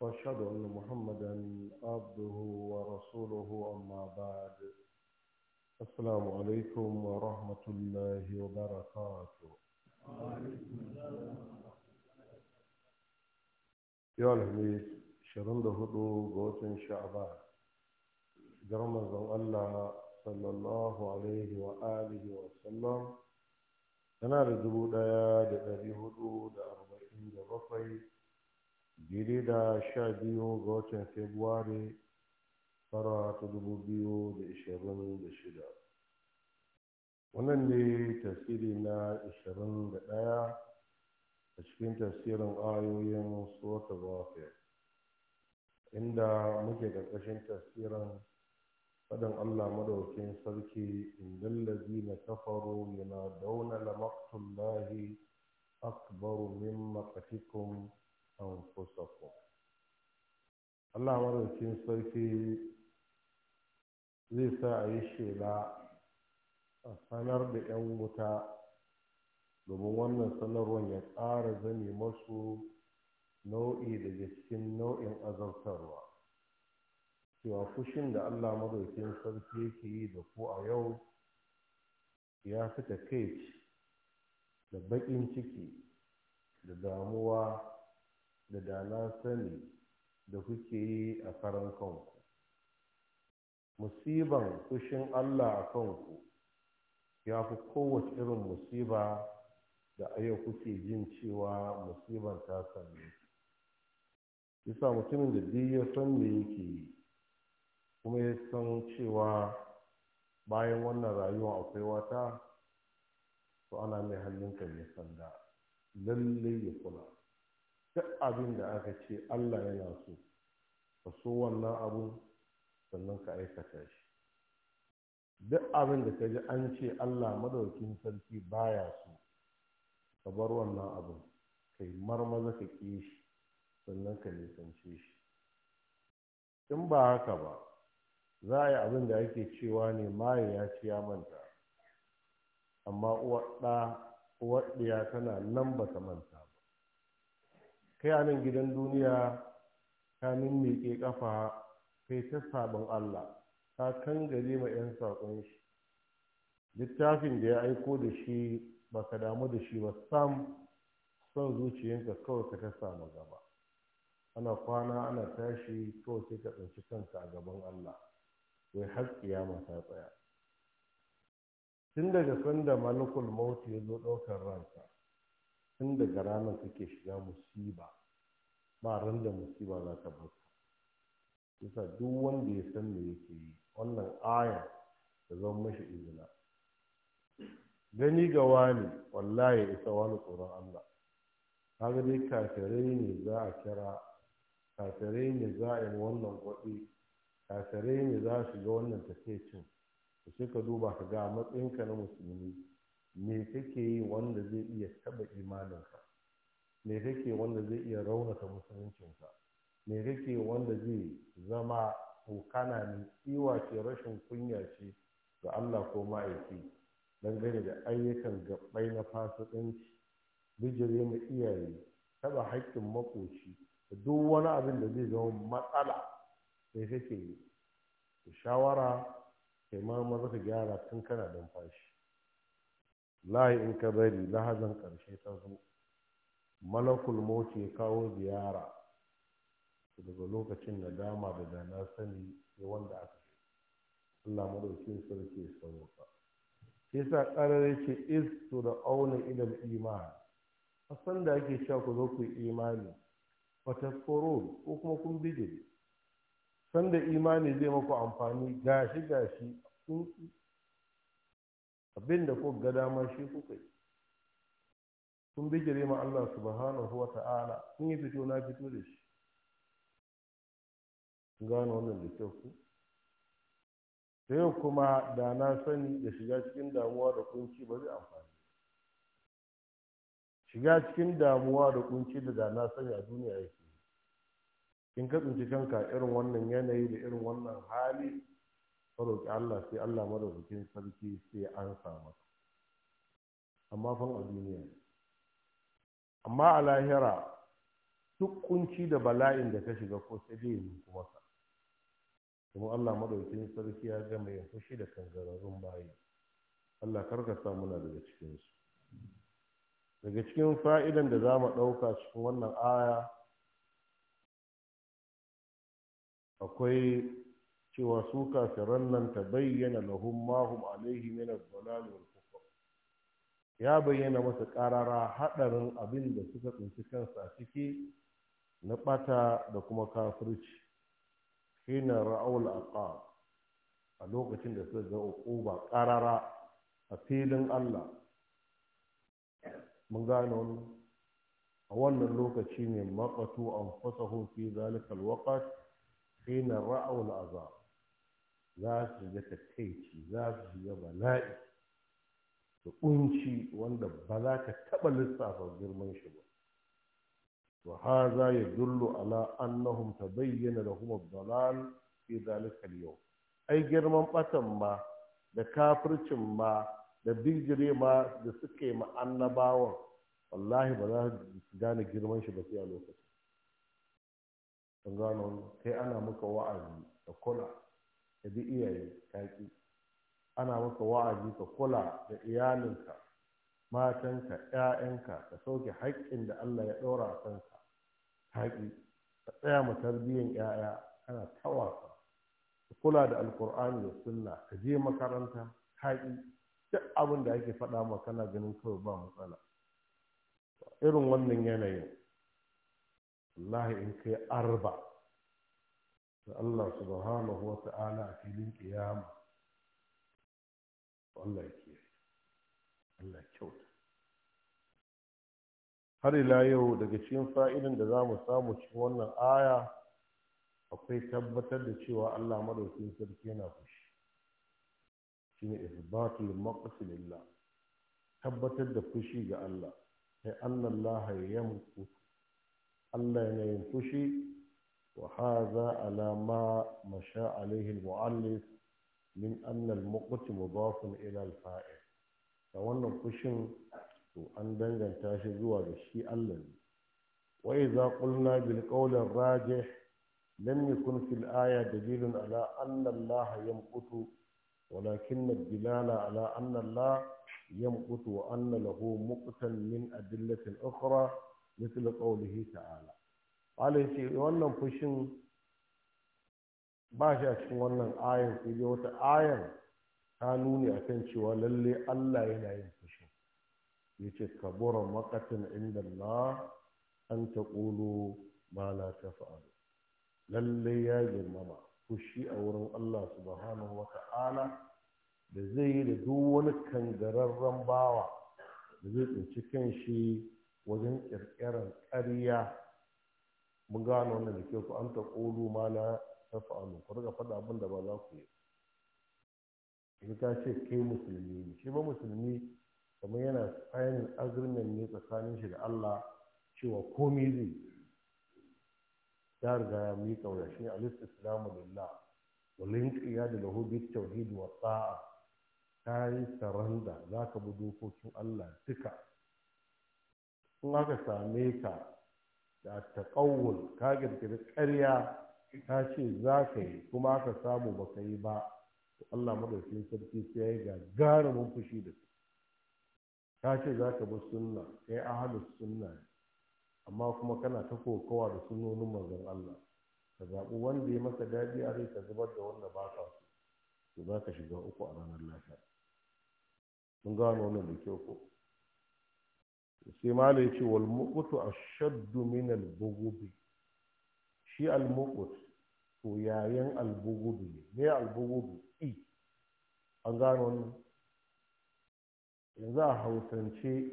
واشهد ان محمدا عبده ورسوله اما بعد السلام عليكم ورحمه الله وبركاته يا الحميد شرند هدو غوت شعبان جرمز الله صلى الله عليه وآله وسلم أنا لدبو دايا لأبي هدو دا دبقي daidai da sha biyu ga watan februari fara ta dubu biyu da ishirin da shida wannan ne tasiri na ishirin da ɗaya a cikin tasirin ayoyin sota inda muke ƙarƙashin tasirin faɗin allah maɗaukin sarki indin na kafaru yana dauna lamaktullahi akbaru min makatikum أنفسكم الله cikin sarki zai sa a yi shela a sanar da 'yan wuta domin wannan sanarwar ya ƙara zane masu nau'i daga cikin nau'in azabtarwa cewa fushin da allah madaukin sarki yake yi da ku a yau ya fi kai da baƙin ciki da damuwa da da na sani da kuke yi a karan kanku musiban fushin allah a kanku ya fi kowace irin musiba da a yau kuke jin cewa musiban ta same isa yasa mutumin da duk ya san me yake yi kuma ya san cewa bayan wannan rayuwa akwai wata to ana mai hannunka mai sanda lallai ya kula duk abin da aka ce Allah yana so ka so wannan abu sannan ka aikata shi duk abin da ka ji an ce Allah madaukin sarki baya so ka bar wannan ka kai marmaza ka ƙi shi sannan ka nisance shi in ba haka ba za a yi abin da ake cewa ne maye ya ci ya manta amma uwar ɗiya tana nan ba ta manta kai a nan gidan duniya ka miƙe ƙafa kai ta sabon Allah ka gari ma 'yan saƙon shi littafin da ya aiko da shi ba ka damu da shi ba sam son zuciyarka kawai ka ta samu gaba ana kwana ana tashi kawai sai ka tsinci kanka a gaban Allah wai har kiyama ta tsaya tun daga sanda malakul mauti ya zo ɗaukar ransa tun daga ranar kake shiga musiba ba ran da musiba za ta baka yasa duk wanda ya san me yake yi wannan 'ayan da zama mashi izina gani ga wani wallahi isa wani tsoron Allah kaga dai kafirai ne za a kira kafirai ne za a yi wannan kwaɗi kafirai ne za su ga wannan tafiya cin sai ka duba ka ga matsayinka na musulmi me kake yi wanda zai iya taɓa imaninka me kake wanda zai iya raunata musuluncinka me kake wanda zai zama kana ne iwa ce rashin kunya ce ga Allah ko ma'aiki dangane da ayyukan gaɓai na fasikanci bijire mu iyaye taɓa haƙƙin makoci da duk wani abin da zai zama matsala me kake yi shawara kai ma maza ka gyara tun kana numfashi layi in ka bari lahazan ƙarshe ta zo malakul ya kawo ziyara daga lokacin da dama da dana sani sai wanda aka Allah madaukin sarki sauka sa ƙarar ce is to da auna ilal iman asan da ake sha ku zo ku yi imani koro ko kuma kun bide sanda imani zai maku amfani gashi gashi kun abinda da ku ga dama shi kuka yi sun bijire ma Allah subhanahu wa ta'ala sun yi fito na fito da shi gano wannan da kyau ku sai kuma da na sani da shiga cikin damuwa da kunci ba zai amfani shiga cikin damuwa da kunci da da na sani a duniya yake in ka tsinci kanka irin wannan yanayi da irin wannan hali roƙi Allah sai Allah madaukakin sarki sai an samu amma fan a duniya amma a lahira duk kunci da bala'in da ka shiga ko sai dai yi kuma ka kuma Allah madaukakin sarki ya gama ya fushi da kangararrun bayi Allah karka sa muna daga cikin su daga cikin fa'idan da za mu ɗauka cikin wannan aya akwai cewa su kafiran nan ta bayyana lahum mahum alaihi min ad-dalal wal kufr ya bayyana masa karara hadarin abin da suka tsinci kansa ciki na bata da kuma kafirci hina ra'ul aqab a lokacin da suka ga uquba karara a filin Allah mun gane wannan a wannan lokaci ne maqatu anfusahum fi zalika alwaqt hina ra'awul azab za su ka takaici za su shiga bala'i da kunci wanda ba za ka taɓa lissafa girman shi ba wa haza ya dullu ala annahum tabayyana lahum ad-dalal fi dhalika al-yawm ai girman batan ma da kafircin ma da bijire ma da suke ma annabawan wallahi ba za su gane girman shi ba sai a lokacin gano kai ana muka wa'azi da kula ka bi iyaye yaƙi ana maka wa'azi ka kula da iyalinka matanka ƴaƴanka ka sauke haƙƙin da Allah ya ɗora a kanka haƙi ka tsaya ma tarbiyyan ƴaƴa kana tawasa ka kula da alkur'ani da sunna ka je makaranta haƙi duk abin da ake faɗa ma kana ganin kawai ba matsala irin wannan yanayin wallahi in kai arba da Allah subhanahu wa ta'ala a filin kiyama Allah ya Allah kyauta har ila yau daga cikin fa'idan da za mu samu cikin wannan aya akwai tabbatar da cewa Allah madaukakin sarki yana fushi shine isbatul maqsi tabbatar da fushi ga Allah sai annallaha Allah yana yin fushi وهذا على ما مشى عليه المؤلف من أن المقت مضاف إلى الفاعل فوانا فشن وأن دنجن تاشي زوا بشي ألن وإذا قلنا بالقول الراجح لم يكن في الآية دليل على أن الله يمقت ولكن الدلالة على أن الله يمقت وأن له مقتا من أدلة أخرى مثل قوله تعالى malai ce eh, wannan fushin ba shi a cikin wannan ayan sai dai wata ayan ta nuni a kan cewa lalle Allah yana yin fushi ya ce kabura makatin inda Allah an ta ƙulo ba la ta fa'adu. lalle ya girmama fushi a wurin Allah subhanahu wa ta'ala da zai yi da duk wani kangararren bawa da zai tsinci kan shi wajen ƙirƙirar ƙarya mun gano wannan da ku an ta ƙolu ma na ta fa'alu ku riga faɗa abin da ba za ku yi in ka ce ke musulmi ne shi ba musulmi kamar yana tsayanin azumin ne tsakanin shi da Allah cewa komai zai ya riga ya mi kaura shi al-islamu lillah ya da lahu bi tawhid wa ta'a kai saranda zaka bi dokokin Allah duka in aka same ka da taƙawul ka girgiri ƙarya ka ce za ka yi kuma aka samu ba ka yi ba to Allah madaukakin sarki sai ya yi gagarumin fushi da su ka ce za ka bi sunna kai ahalus sunna amma kuma kana ta kokawa da sunnonin manzon Allah ka zaɓi wanda ya maka daɗi a ka zubar da wanda ba ka so to za ka shiga uku a ranar lafiya mun gano wannan da kyau ko sai mala ya ce wal a ashaddu min al bughd shi al to yayan al bughd ne me al bughd i an gano wannan yanzu a hausance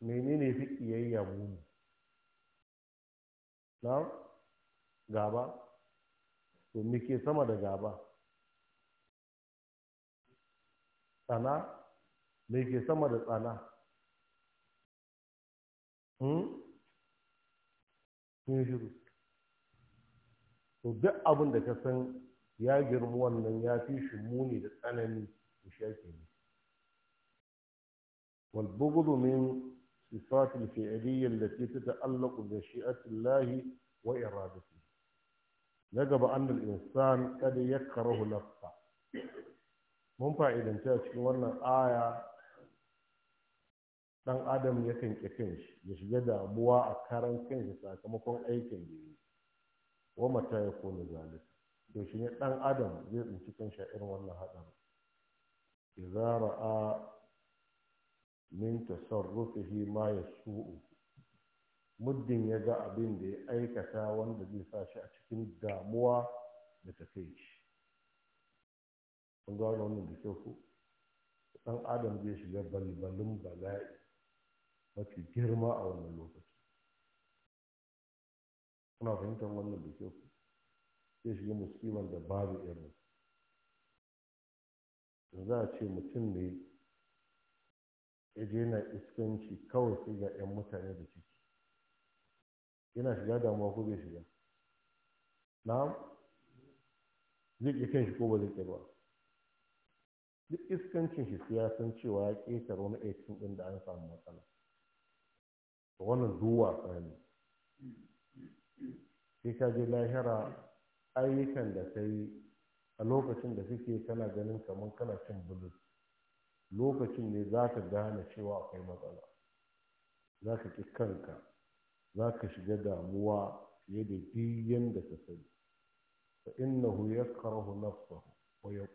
menene fi kiyayya mu na gaba to me ke sama da gaba tsana me ke sama da tsana Hmm? shiru to duk abin da ka san ya girma wannan ya fi shi muni da tsanani da shaƙi ne walbubudu min sifat da filiyya allati tata'allaqu bi shi'ati Allahi wa iradati na gaba annal insan kada yakrahu nafsa mun fa'idanta cikin wannan aya ɗan adam yakan kanke kanshi ya shiga damuwa a karan kanshi sakamakon aikin da yi wa mata ya kone zalik to shi ne ɗan adam zai tsinci kanshi a irin wannan haɗarin a ra'a min tasarrufihi ma ya su'u muddin ya ga abin da ya aikata wanda zai sa shi a cikin damuwa da takaici kun gano wannan da kyau ko dan adam zai shiga balbalin bala'i mafi girma a wannan lokaci kuna fahimtar wannan da kyau zai shiga musulman da babu irin za a ce mutum ne ya je iskanci kawai sai ga 'yan mutane da ciki yana shiga damuwa ko bai shiga Na? zai ƙi kan shi ko ba zai ƙi ba duk iskancin shi sai ya san cewa ya ƙetare wani aikin ɗin da an samu matsala wannan duwa ne sai ka je lahira ayyukan da ka yi a lokacin da suke kana ganin kamar kana cin bulus lokacin ne za ka gane cewa akwai matsala za ka ƙi kanka za ka shiga damuwa fiye da biyan da ka sani fa innahu yakrahu nafsahu wa ya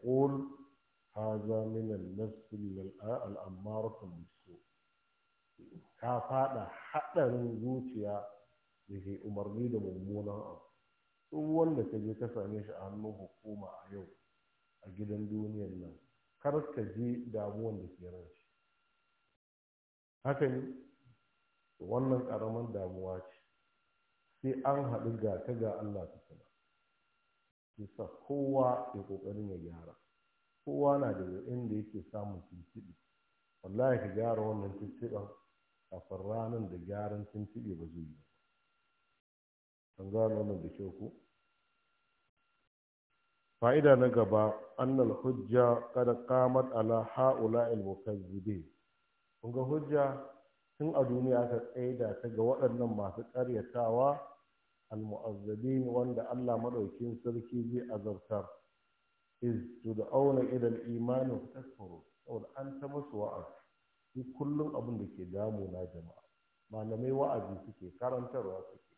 hadha min an-nafs al-ammaratu ka fada haɗarin zuciya da ke umarni da mummunan abu duk wanda ka je ka same shi a hannun hukuma a yau a gidan duniyar nan kar ka je damuwan da ke ran shi haka ne wannan ƙaramin damuwa ce sai an haɗu ga ta ga Allah ta sana bisa kowa ya ƙoƙarin ya gyara kowa na da inda yake samun tuntuɓe wallahi ka gyara wannan tuntuɓen kafin ranar da gyaran cibe ba zai yi an gano wannan da kyau ko fa'ida na gaba annal hujja kada ƙamar ala haula al mukazzibin kun ga hujja tun a duniya ta tsaida ta ga waɗannan masu ƙaryatawa al mu'azzabin wanda Allah Maɗaukin sarki zai azabtar is to da auna idan imanin takfuru saboda an ta musu wa'azi shi kullum abin da ke damuna jama'a malamai wa'azi suke karantarwa suke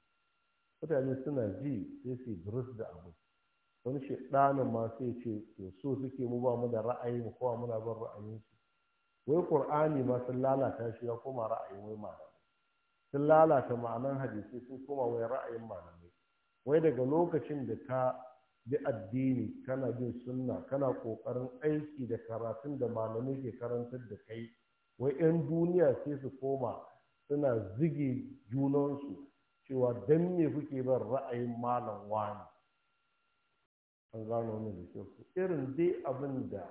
mutane suna ji sai su burus da abu wani ɗanin ma sai ce to so suke mu ba mu da ra'ayi mu kowa muna ra'ayin ra'ayinsu wai qur'ani ma sun lalata shi ya koma ra'ayin wai malamai sun lalata ma'anan hadisi sun koma wai ra'ayin malamai wai daga lokacin da ka bi addini kana bin sunna kana ƙoƙarin aiki da karatun da malamai ke karantar da kai wai 'yan duniya sai su koma suna zige junansu cewa don me kuke ban ra'ayin malam wani an gano min da kyau irin dai abin da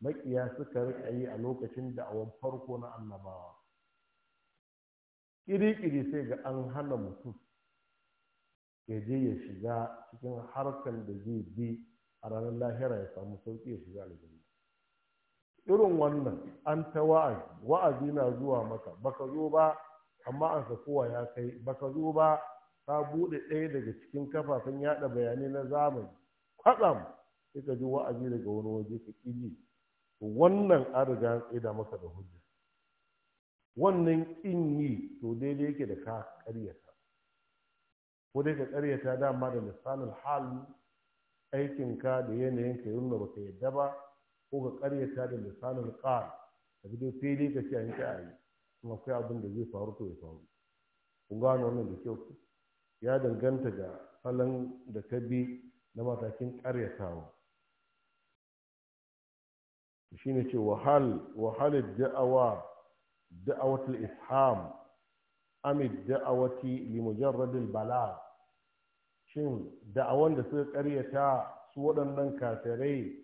makiya suka rika yi a lokacin da awon farko na annabawa kiri-kiri sai ga an hana mutum ya je ya shiga cikin harkar da zai bi a ranar lahira ya samu sauƙi ya shiga irin wannan an ta wa'azi wa'azi na zuwa maka baka zo ba amma an kowa ya kai baka zo ba ka buɗe ɗaya daga cikin kafafen yaɗa bayanai na zamani kwatsam sai ka ji wa'azi daga wani waje ka ƙiji wannan an riga an tsaida maka da hujja wannan ƙin yi to daidai yake da ka ƙaryata ko dai ka ƙaryata dama da lissanin hal aikinka da yanayinka yi ba baka yadda ba ko ka karyata da misalin qal a fito fili ka ce an a yi kuma akwai abin da zai faru to ya faru ku gano wannan da kyau ya danganta da salon da ka bi na matakin karyatawa ne ce wahal wahalid da'awa da'awatul ifham amid da'awati li mujarradil bala shin da'awan da suka karyata su waɗannan kafirai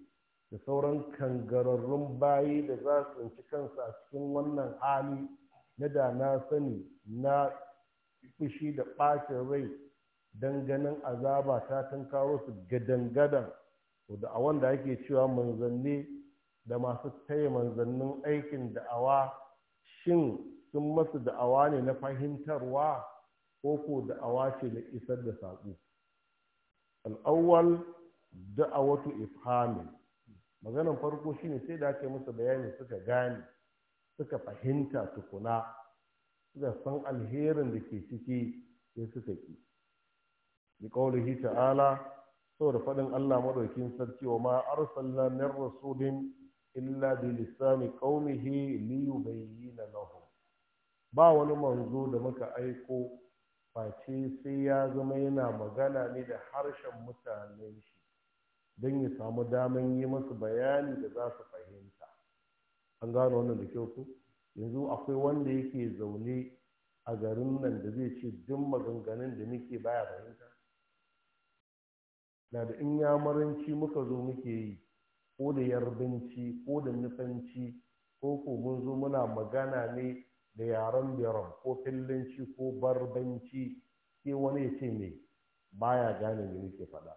da sauran kangararrun bayi da za su tsinci kansu a cikin wannan hali na da na sani na fushi da ɓacin rai don ganin azaba ta kawo su gadan-gadan da a wanda ake cewa manzanni da masu taya manzannin aikin da'awa shin sun masu da'awa ne na fahimtarwa ko ko da'awa ce na isar da saƙo al'awwal da'awatu ifhamin maganan farko shine sai da aka yi musu bayani suka gane suka fahimta tukuna suka san alherin da ke ciki sai suka ki bi qaulihi ta'ala saboda faɗin Allah madaukin sarki wa ma arsalna min rasulin illa bi lisani qaumihi li yubayyana lahum ba wani manzo da muka aiko face sai ya zama yana magana ne da harshen mutanen shi don ya samu daman yi masu bayani da za su fahimta an gano wannan da kyau ku yanzu akwai wanda yake zaune a garin nan da zai ce duk maganganun da muke baya fahimta na da in yamuranci muka zo muke yi ko da yarbanci ko da nufanci ko ko mun zo muna magana ne da yaren biyaran ko fillanci ko barbanci sai wani ya ce me baya gane da muke faɗa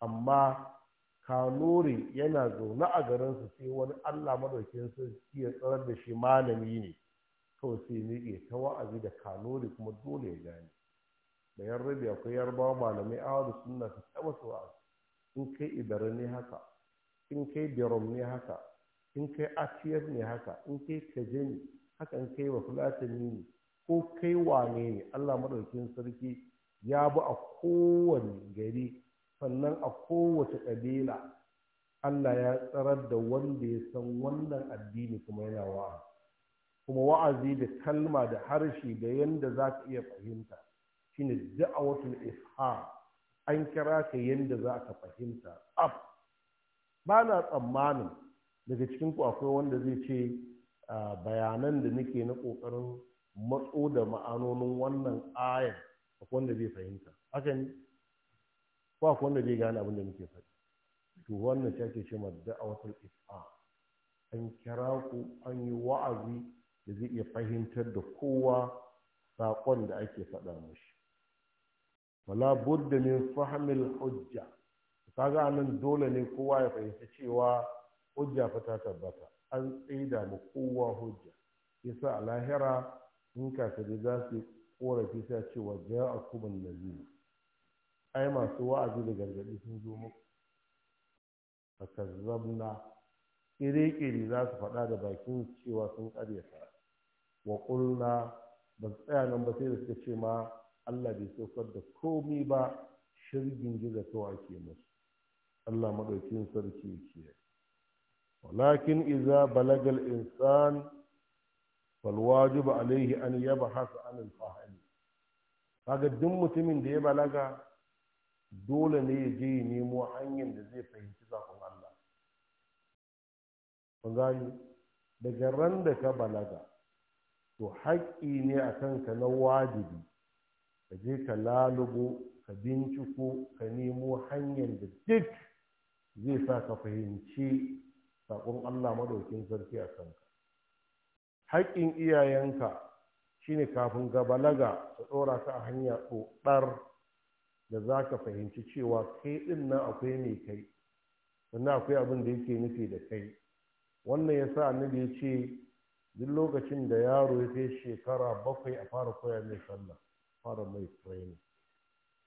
amma kanuri yana zaune a garinsu sai wani allah maɗaukin sarki ya tsarar da shi malami ne kawai sai miƙe ta wa'azi da kanuri kuma dole ya gane da rabi akwai yarbawa malamai awa da suna ka taɓa su wa'azi in kai ibaran ne haka in kai birom ne haka in kai atiyar ne haka in kai kaje ne haka in kai wa fulatani ne ko kai wane ne allah maɗaukin sarki ya bi a kowane gari sannan a kowace ƙabila Allah ya tsarar da wanda ya san wannan addini kuma yana wa'a kuma wa'azi da kalma da harshe da yanda za ka iya fahimta shine da'awatul isha an kira ka yanda za ka fahimta af ba na tsammanin daga cikin ku akwai wanda zai ce bayanan da nake na ƙoƙarin matso da ma'anonin wannan ayar akwai wanda zai fahimta haka ne ba ku wanda zai gane abin da muke faɗi to wannan shi ake cewa da'awatul is'a an kira ku an yi wa'azi da zai iya fahimtar da kowa saƙon da ake faɗa mashi wala budda min fahmil hujja kaga nan dole ne kowa ya fahimta cewa hujja fa ta tabbata an tsaida mu kowa hujja yasa a lahira in kafirai za su yi korafi sai cewa ja'akum an-nazir ai masu wa'azi da gargaɗi sun zo muku kazzabna, kiri-kiri za su faɗa da bakin cewa sun ƙaryata wa ƙulna ba su tsaya nan ba sai da suka ce ma Allah bai saukar da komai ba shirgin giza kawai ake musu Allah maɗaukin sarki ke walakin iza balagal insan falwajibu alaihi an yaba hasa anil fahimi kaga duk mutumin da ya balaga dole ne ya je ya nemo hanyar da zai fahimci zafin Allah kun gani daga ran da ka balaga to haƙƙi ne a kanka na wajibi ka je ka lalubo ka binciko ka nemo hanyar da duk zai sa ka fahimci saƙon Allah maɗaukin sarki a kanka haƙƙin iyayenka shine kafin ga balaga su ɗora ka a hanya ɗoɗar da za ka fahimci cewa kai ɗin nan akwai mai kai sannan akwai abin da yake nufi da kai wannan ya sa annabi ya ce duk lokacin da yaro ya kai shekara bakwai a fara koya mai sallah fara mai training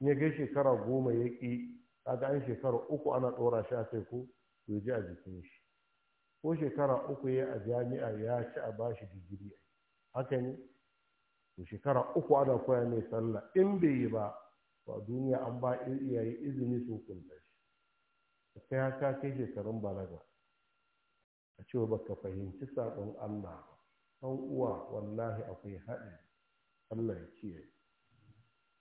in ya kai shekara goma ya ƙi kaga an shekara uku ana ɗora shi a kai ko to ji a jikin shi ko shekara uku ya a jami'a ya ci a bashi digiri haka ne to shekara uku ana koya mai sallah in bai yi ba to a duniya an ba iyaye izini su hukunta shi kai haka kai shekarun balaga a cewa baka fahimci saƙon Allah ɗan uwa wallahi akwai haɗi Allah ya kiyaye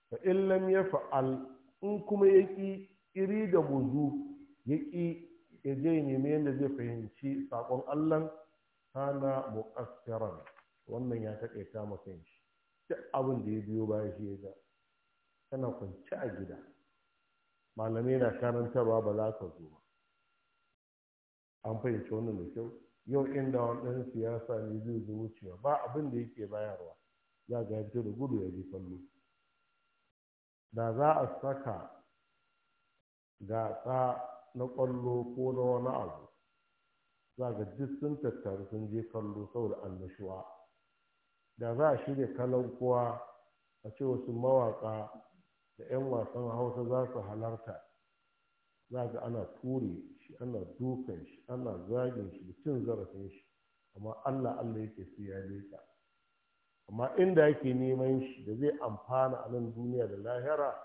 fa in ya fa'al in kuma ya ƙi iri da buzu ya ƙi ya je neme yadda zai fahimci saƙon Allah kana muƙassiran wannan ya taƙaita maka shi duk abin da ya biyo baya shi ya ga Tana kwanci a gida malamai na karantarwa ba za ka zo ba an fahimci wani da kyau yau inda wani ɗan siyasa ne zai zo wucewa ba abin da yake bayarwa za ga yanzu da gudu ya ji kallo da za a saka gasa na kwallo ko na wani abu za ga duk sun tattaru sun je kallo saboda annashuwa da za a shirya kalan kowa a ce wasu mawaka. da 'yan wasan hausa za su halarta za ga ana ture shi ana dukan shi ana zagin shi da cin zarafin shi amma allah allah yake su ya leka amma inda yake neman shi da zai amfana a nan duniya da lahira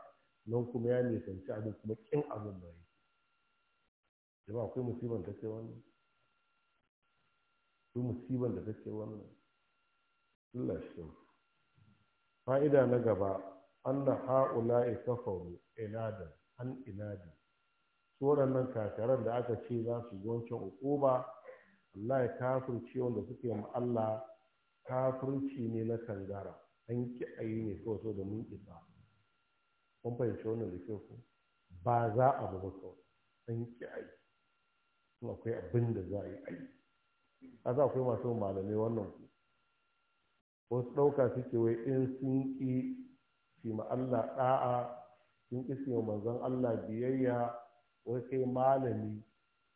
nan kuma ya nisanci abin kuma kin abin da yake jama akwai musiban ta ce wannan akwai musiban da ta ce wannan allah shi fa'ida na gaba anna ha'ula'i kafaru inadan an inadi su nan kakarar da aka ce za su zo wancan ukuba Allah ya kafirce wanda suke ma Allah kafirci ne na kangara an ki ayi ne kawai so da mun isa kun fahimci wannan da kyau ba za a ba kawai an ki ayi kuma akwai abin da za a yi ayi a za akwai masu malamai wannan ku wasu ɗauka suke wai in sun ƙi ma Allah ɗa'a sun ki su manzon Allah biyayya wai kai malami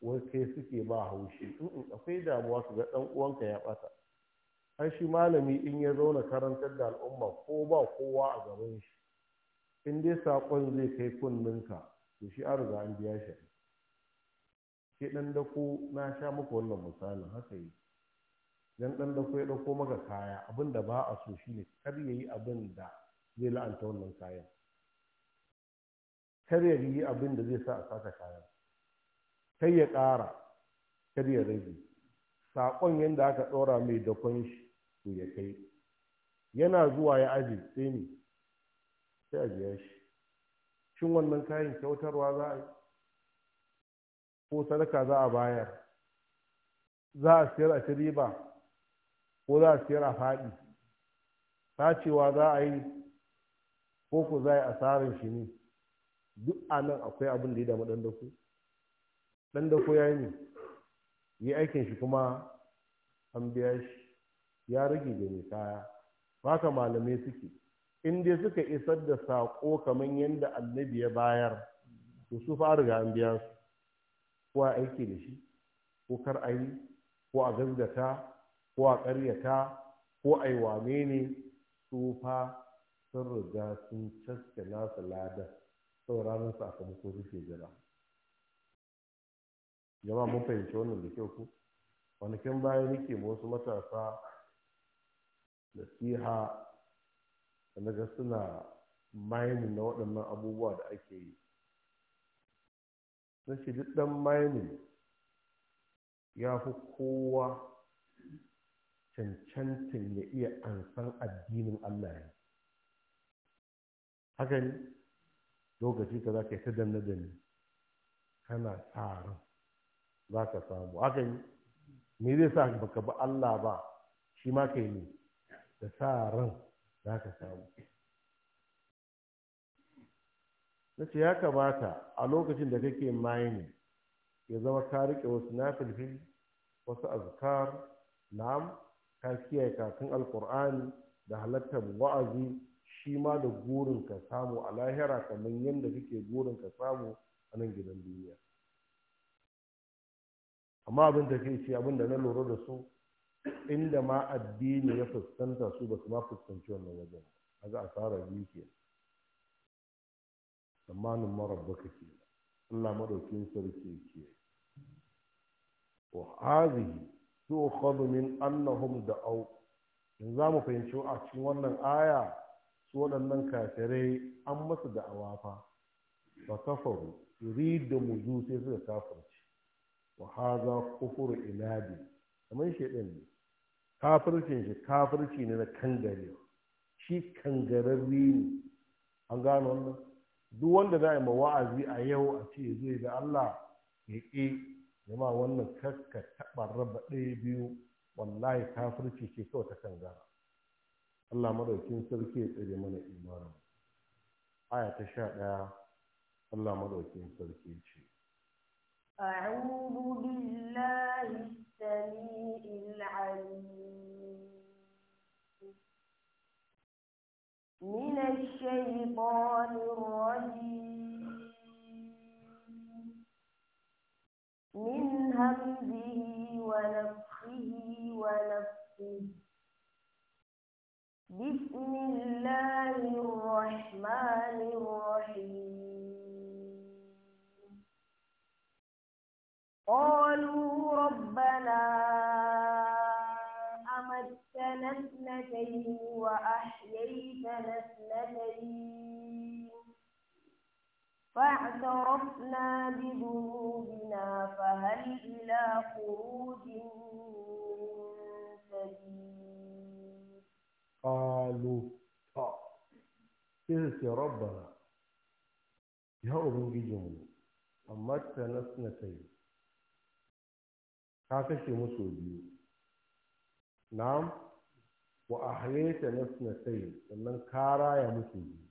wai kai suke ba haushi akwai damuwa su ga dan uwanka ya bata har shi malami in ya zauna karantar da al'umma ko ba kowa a gaban shi in dai saƙon zai kai kunninka to shi an riga an biya shi ke ɗan dako na sha muku wannan misalin haka yi dan ɗan dako ya ɗauko maka kaya abinda da ba a so shine kar yayi yi abin da zai la'anta wannan kayan kar ya yi abin da zai sa a saka kayan kai ya ƙara kar ya rage saƙon yadda aka ɗora mai dakon shi to ya kai yana zuwa ya aji sai ne sai a biya shi shin wannan kayan kyautarwa za a yi ko sadaka za a bayar za a siyar a ci riba ko za a siyar a faɗi sacewa za a yi ko ku za a asarar shi ne duk a nan akwai abin da ya damu ɗan dako ɗan dako ya yi ne yi aikin shi kuma an biya shi ya rage da mai kaya haka malamai suke in dai suka isar da saƙo kamar yadda annabi ya bayar to su fa riga an biya su ko a aiki da shi ko kar a yi ko a gazgata ko a ƙaryata ko a yi wane ne su fa sun riga sun caske nasu ladan sau ranar sakamako suke jira jama'a mun fahimci wannan da kyau ku kwanakin bayan nike wasu matasa da siha da naga suna mining na waɗannan abubuwa da ake yi na shi duk ɗan mining ya fi kowa cancantin ya iya ansan addinin Allah ya haka lokaci ka za ka yi ta danne danne kana tsarin za ka samu haka ne me zai sa baka bi Allah ba shi ma ne da sa ran za ka samu na ce ya kamata a lokacin da kake mining ya zama ka riƙe wasu nafilfil wasu azkar na'am ka kiyaye kakan alkur'ani da halartar wa'azi shi ma da burin ka samu a lahira kamar yadda kake burin ka samu a nan gidan duniya amma abin da ke ce abin da na lura da su inda ma addini ya fuskanta su ba su ma fuskanci wannan wajen a za a biyu ke tsammanin marabba ke Allah maɗaukin sarki ke wa hazihi tu'khadhu min annahum da'aw in za mu fahimci a cikin wannan aya su waɗannan kafirai an masu da fa ba kafaru da muzu sai suka kafirci wa haza kufuru iladi kamar shi ɗin ne kafircin shi kafirci ne na kangare shi kangararri ne an gano wannan duk wanda za a yi wa'azi a yau a ce zai da Allah ya ƙi jama wannan kakka taɓa raba ɗaya biyu wallahi kafirci ce kawai ta kangara Allah madaukin sarki ya tsare mana imanin aya ta sha ɗaya Allah madaukin sarki ce أعوذ بالله السميع العليم من الشيطان الرجيم من همزه ونفخه ونفسه بسم الله الرحمن الرحيم قالوا ربنا أمتنا اثنتين وأحييتنا اثنتين فاعترفنا بذنوبنا فهل إلى خروج من سبيل qalu ta sai su ce rabbana ya ubangijinmu amma ta nasna ta yi ka kashe musu biyu Na wa ahlaita nasna ta yi sannan kara ya musu biyu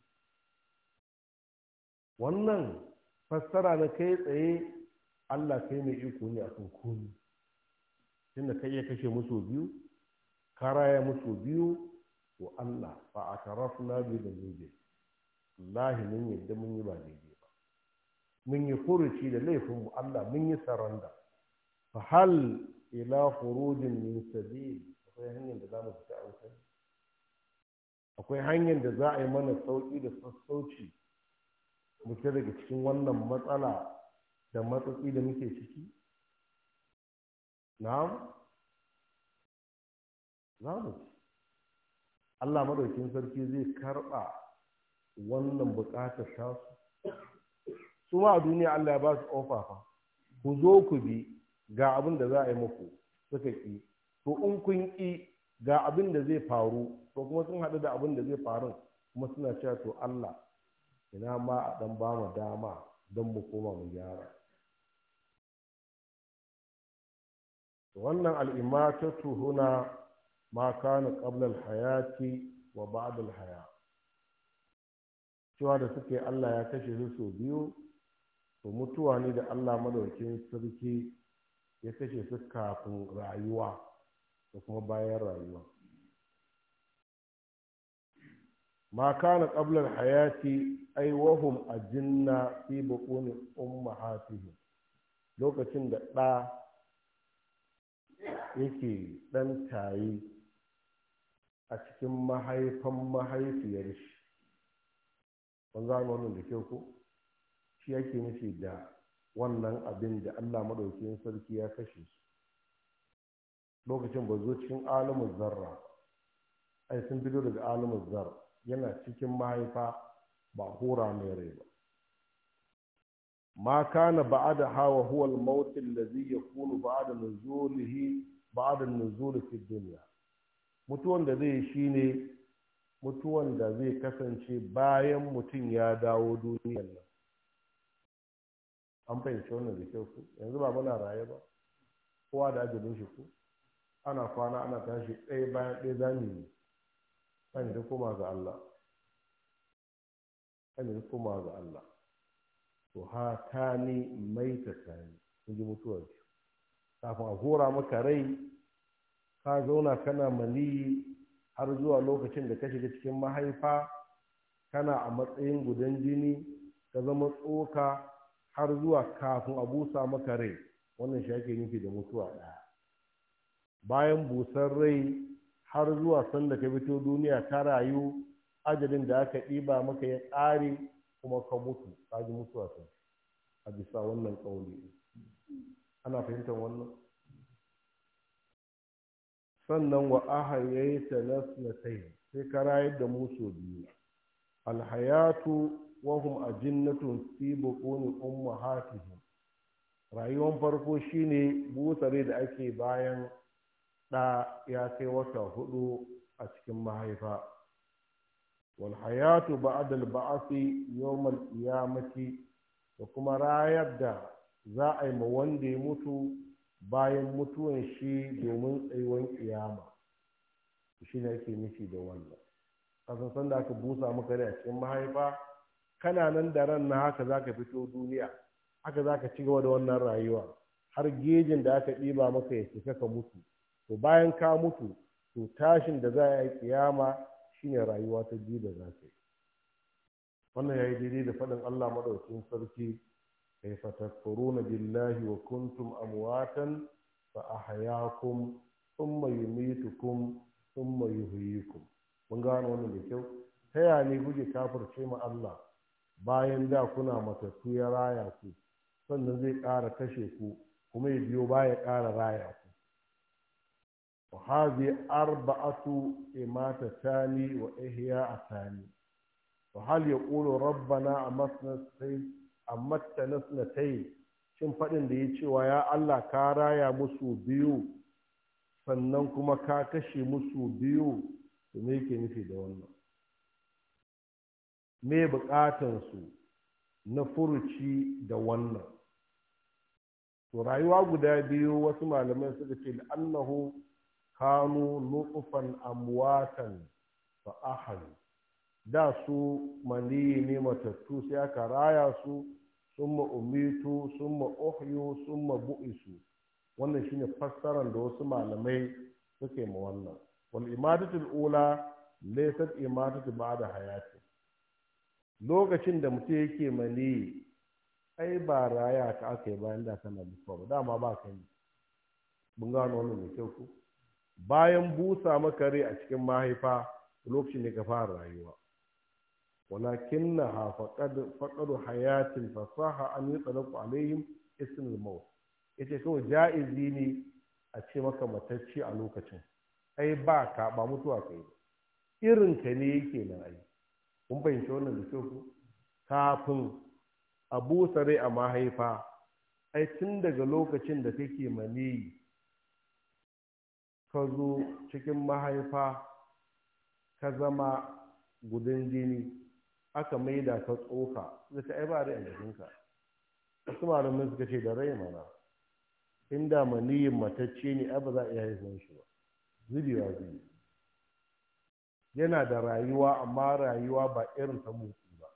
wannan fassara na kai tsaye Allah kai mai iko ne akan komi tunda kai ya kashe musu biyu kara ya musu biyu to Allah fa atarafna bi dhunubi wallahi mun yadda mun yi ba daidai ba mun yi furuci da laifin mu Allah mun yi saranda fa hal ila khurujin min sabil akwai hanyar da zamu fita an san akwai hanyar da za a yi mana sauki da sassauci mu fita daga cikin wannan matsala da matsatsi da muke ciki na'am ci Allah madaukin sarki zai karɓa wannan buƙatar tasu su ma a duniya Allah ya ba su ofafa ku zo ku bi ga abin da za a yi muku suka ƙi to in kun ƙi ga abin da zai faru to kuma sun haɗu da abin da zai faru kuma suna cewa to Allah ina ma a ɗan ba mu dama don mu koma mu gyara wannan ta tuhuna. Maka kana qablal hayati wa ba'dal haya cewa da suke Allah ya kashe su sau biyu to mutuwa ne da Allah madaukin sarki ya kashe su kafin rayuwa da kuma bayan rayuwa ma kana qablal hayati ay wahum ajinna fi buquni ummahatihim lokacin da ɗa yake ɗan tayi a cikin mahaifan mahaifiyar shi ban za wannan da kyau ko shi yake nufi da wannan abin da allah maɗaukin sarki ya kashe su lokacin ba zo cikin alamun zarra ai sun fito daga alamun zarra yana cikin mahaifa ba hura mai rai ba ma kana ba'ada hawa huwal mautin da zai yakunu ba'da nuzulihi ba'da nuzul fi mutuwan da zai shi ne mutuwan da zai kasance bayan mutum ya dawo duniyar nan an fahimci wannan da kyau ku yanzu ba muna raye ba kowa da ajalin shi ku ana kwana ana tashi ɗaya bayan ɗaya za mu yi kan da koma ga Allah kan da koma ga Allah to ha ta ni mai ta ta ni kun ji mutuwar kafin a hura maka rai ka zauna kana mani har zuwa lokacin da ka shiga cikin mahaifa kana a matsayin gudan jini ka zama tsoka har zuwa kafin a busa maka rai wannan shi ake nufi da mutuwa ɗaya bayan busar rai har zuwa sanda ka fito duniya ta rayu ajalin da aka ɗiba maka ya ƙare kuma ka mutu ka ji mutuwa ta a bisa wannan ƙauli ana fahimtar wannan sannan wa ahayaita na sai ka rayar da mu biyu alhayatu wa hum ajinnatun fi buquni ummahatihim rayuwar farko shine busare da ake bayan ɗa ya kai wata hudu a cikin mahaifa walhayatu ba'adal ba'asi bathi yawm al da kuma rayar da za a yi ma wanda ya mutu bayan mutuwan shi domin tsayuwan kiyama shi ne ake nufi da wannan kasan sanda aka busa maka rai a cikin mahaifa kana nan da ran na haka za ka fito duniya haka za ka ci gaba da wannan rayuwa har gejin da aka ɗiba maka ya cika ka mutu to bayan ka mutu to tashin da za a yi kiyama shine rayuwa ta biyu da za ka yi wannan ya yi daidai da faɗin allah maɗaukin sarki كيف تكفرون بالله وكنتم أمواتا فأحياكم ثم يميتكم ثم يحييكم mun gano wannan da kyau ta ya ne kuke kafirce ma Allah bayan da kuna matattu ya raya ku sannan zai ƙara kashe ku kuma ya biyo baya ƙara raya ku wa hazi arba'atu imata tani wa ihya atani wa hal yaqulu rabbana amasna sayf amma ta tai shin faɗin da ya cewa ya Allah ka raya musu biyu sannan kuma ka kashe musu biyu to me yake nufi da wannan me buƙatansu na furuci da wannan to rayuwa guda biyu wasu malamai suka ce da annahu kanu nufan amwatan fa ahal da su mani ne matattu sai aka raya su summa umitu summa uhyu summa bu'isu wannan shine fassarar da wasu malamai suke ma wannan wal imadatul ula laysat imadatu ba'da hayati lokacin da mutum yake mani ai ba raya ka aka yi bayan da kana mutuwa ba dama ba ka yi mun gano wannan da kyau ko bayan busa maka rai a cikin mahaifa lokacin ne ka fara rayuwa ولكنها فقد فقد حياة الفصاحة أن يطلق عليهم اسم الموت yace kawai ja'izi ne a ce maka matacce a lokacin ai ba ka ba mutuwa kai ba irin ka ne yake nan ai kun fahimci wannan da kyau kafin a busa rai a mahaifa ai tun daga lokacin da kake maniyi ka zo cikin mahaifa ka zama gudun jini aka maida ka tsoka zai ta ba rai a jikinka wasu malamin suka ce da rai mana inda maniyin matacce ne ai ba za a iya haifin shi ba zubewa zubi yana da rayuwa amma rayuwa ba irin ta mutu ba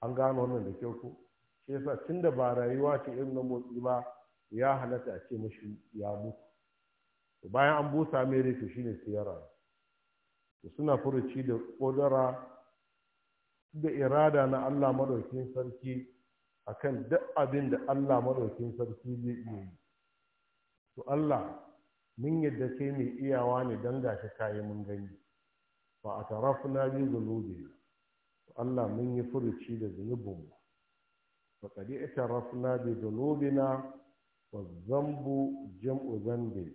an gano wannan da kyau ko shi yasa tunda ba rayuwa ce irin na motsi ba ya halatta a ce mashi ya mutu bayan an busa mai rufe to shine sai suna furuci da kodara da irada na Allah maɗaukin sarki akan duk abin da Allah maɗaukin sarki zai iya yi to Allah mun yadda kai mai iyawa ne don gashi kayi mun gani ba a tarafi na bi zunubi to Allah mun yi furuci da mu. ba kadi a tarafi na bi na ba zambu jam'u zambi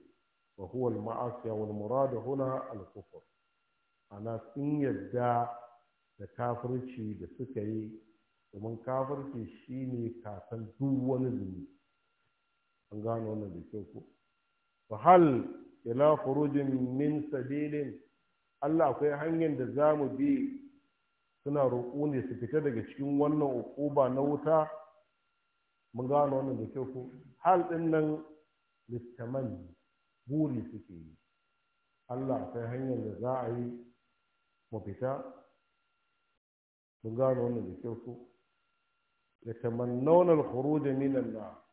ba huwa maasiya huna al ana sun yadda da kafirci da suka yi domin kafirci ne kafin duk wani zunubi an gano wannan da kyau ko fa hal ila khurujin min sabilin Allah akwai hanyar da za mu bi suna roƙo ne su fita daga cikin wannan uquba na wuta mun gano wannan da kyau ko hal ɗin nan littaman buri suke yi Allah akwai hanyar da za a yi mu fita kun gano wannan da kyau ko ya tamannawna al da min an da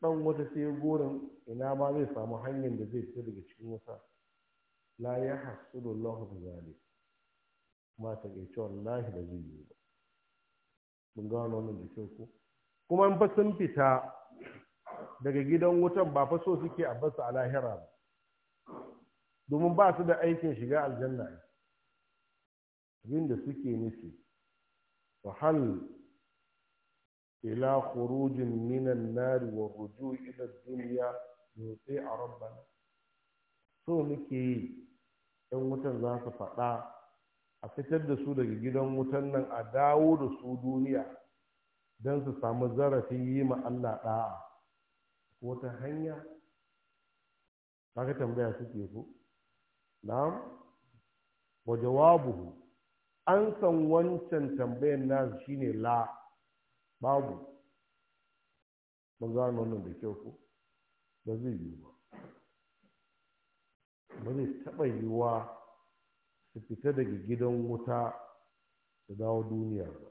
dan wata sai ya gorin ina ma zai samu hanyar da zai fita daga cikin wata la ya hasudu Allah bi zalik ma ta ga cewa wallahi da zai yi ba mun gano wannan da kyau ko kuma in fa sun fita daga gidan wutan ba fa so suke a basu a lahira ba domin ba su da aikin shiga aljanna ne. da suke nufi فهل إلى خروج من النار والرجوع إلى الدنيا نطيع ربنا so muke yi ‘yan wutan za su faɗa a fitar da su daga gidan wutan nan a dawo da su duniya don su samu zarafin yi ma Allah ɗa'a wata hanya ka tambaya suke ku na'am wa jawabuhu an san wancan tambayan nasu shine la babu mun gano wannan da kyau ko ba zai yi ba ba zai taɓa yiwuwa su fita daga gidan wuta su dawo duniya ba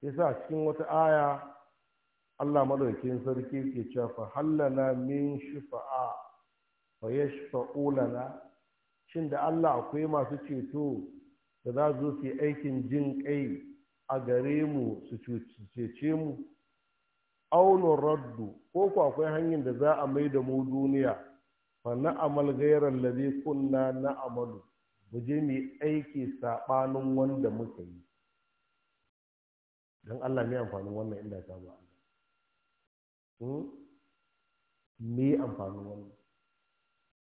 yasa cikin wata aya Allah madaukakin sarki ke cewa fa hallana min shifa'a fa yashfa'u lana shin da Allah akwai masu ceto da za su yi aikin jin kai a gare mu su cece mu aunin raddu ko ku akwai hanyar da za a mai da mu duniya fa na amal gairar lalle kunna na amalu mu je mu aiki saɓanin wanda muka yi don Allah mai amfanin wannan inda ta ba Allah ni hmm? amfanin wannan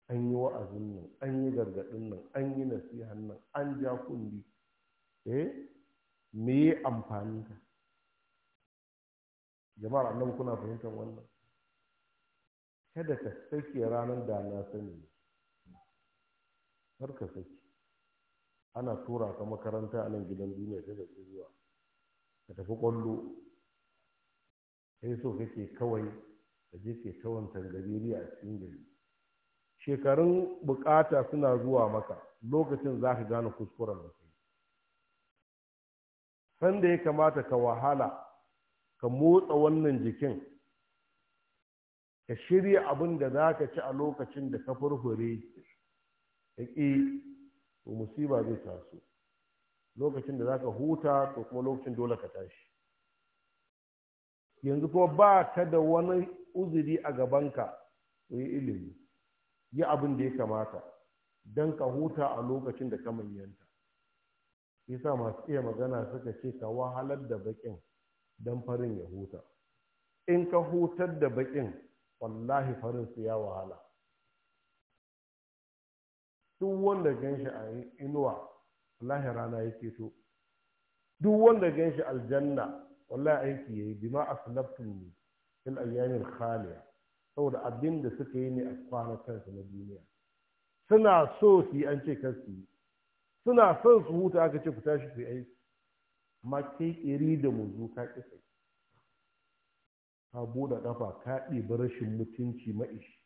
an yi wa'azin nan an yi gargaɗin nan an yi nasihan nan an ja kundi eh me yi amfani ka jama'ar annan kuna fahimtar wannan kada ka sake ranar da na sani kar ka sake ana tura ka makaranta a nan gidan duniya ta da zuwa ka tafi kwallo sai so kake kawai ka je ke tawon tangariri a cikin gari shekarun bukata suna zuwa maka lokacin za ka gane kuskuren da kai sanda ya kamata ka wahala ka motsa wannan jikin ka shirya abin da za ka ci a lokacin da ka furfure ya ƙi musiba zai taso lokacin da za ka huta ko kuma lokacin dole ka tashi yanzu kuma ba ka da wani uzuri a gabanka ka yi ilimi yi abin da ya kamata don ka huta a lokacin da ka manyanta yasa masu iya magana suka ce ka wahalar da bakin don farin ya huta in ka hutar da bakin wallahi farin su ya wahala duk wanda ganshi a inuwa wallahi rana ya ceto duk wanda ganshi aljanna wallahi aiki ya yayi bima ne in ayyamin khaliya saboda abin da suka yi ne a kwanakansu na duniya suna so su yi an ce kar su yi suna son su huta aka ce ku tashi ku yi aiki amma kai iri da mu zo ka ƙi sai ka buɗe ƙafa ka ɗibi rashin mutunci ma'ishi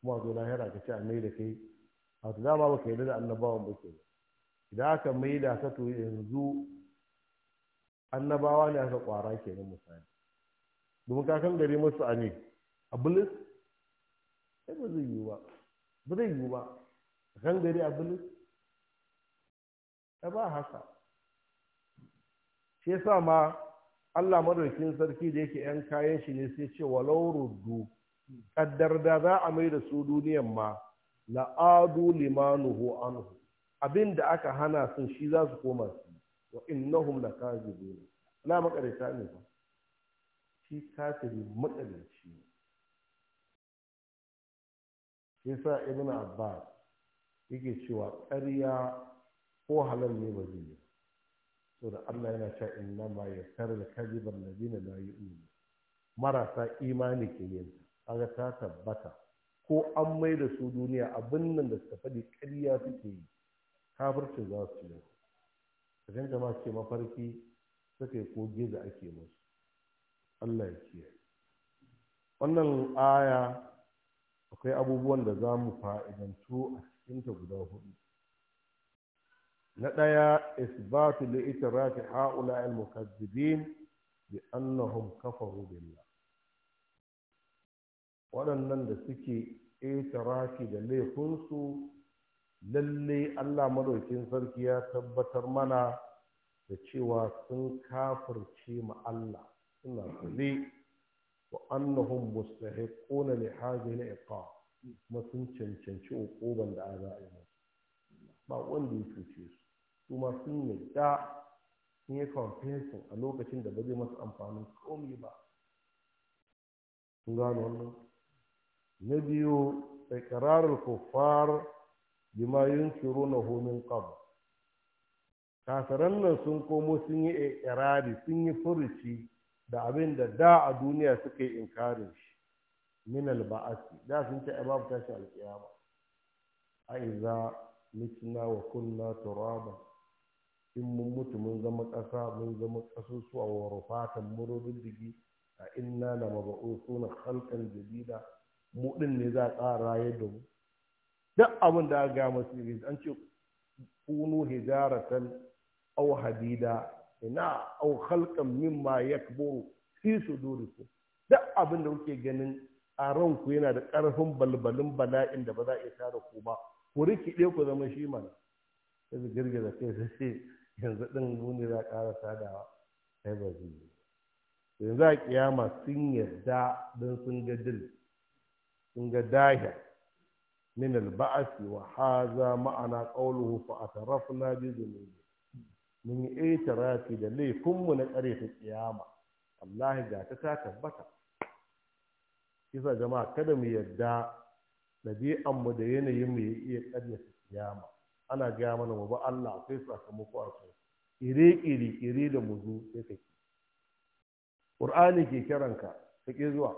kuma zo lahira ka ce a mai da kai a su dama baka yarda da annabawan ba ke idan aka mai da ka to yanzu annabawa ne aka ƙwara nan misali domin ka kan masu musu a ne a bulis sai ba zai yiwu ba ba zai yiwu ba gangare a bulis ta ba haka shi yasa ma Allah madaukin sarki da yake yan kayan shi ne sai ce walau ruddu kaddar da za a mai da su duniyan ma la'adu limanuhu anhu abin da aka hana sun shi za su koma su wa innahum lakazibun na makarita ne ba shi kafiri makarici ne yasa ibn abbas yake cewa ƙarya ko halal ne ba zai yi da allah yana cewa na ma ya kare da kajibar na zina na yi marasa imani ke yin kaga ta tabbata ko an mai da su duniya abin nan da suka faɗi ƙarya suke yi kafircin za su yi idan jama'a ce mafarki suka yi ko geza ake musu allah ya kiyaye wannan aya akwai abubuwan da za mu fa'idantu a cikinta guda hudu na ɗaya isbatu li itirafi haula al mukazzibin bi annahum kafaru billah waɗannan da suke itirafi da laifinsu lalle Allah madaukin sarki ya tabbatar mana da cewa sun kafirce ma Allah suna kule wa annahum mustahiquna li hadhihi al-iqam kuma sun cancanci uquban da za a yi musu ba wanda ya cuce su kuma sun yadda sun yi confessing a lokacin da ba zai masu amfanin komai ba sun gano wannan na biyu iqrarul kuffar bima yunkirunahu min qabl kafiran nan sun komo sun yi iqrari sun yi furuci da abin da da a duniya suka yi inkarin shi min alba'asi da sun ce babu tashi alƙiyama. a iza mitna wa kunna turaba in mun mutu mun zama ƙasa mun zama ƙasusuwa wa rufatan murodin digi a inna na maba'usu na halkan jadida mu ɗin ne za a ya yadda mu duk abin da aka gama su an ce kunu hijaratan au hadida ina au khalqan mimma yakburu fi sudurikum duk abin da kuke ganin a ranku yana da ƙarfin balbalin bala'in da ba za a iya tara ku ba ku rikide ku zama shi mana sai su girgiza kai sai sai yanzu ɗin muni za a ƙara sadawa kai ba zai yi yanzu a kiyama sun yarda don sun ga dil sun ga dahir min al-ba'asi wa haza ma'ana qawluhu fa atarafna bi mun yi itirafi da laifinmu na tsare ta kiyama wallahi ga ta ta tabbata kisa jama'a kada mu yarda ɗabi'anmu da yanayin mu ya iya ƙaryata kiyama ana gaya mana mu ba Allah akwai sakamako a kai iri-iri iri da mu zo sai ka ki Qur'ani ke kiranka ka zuwa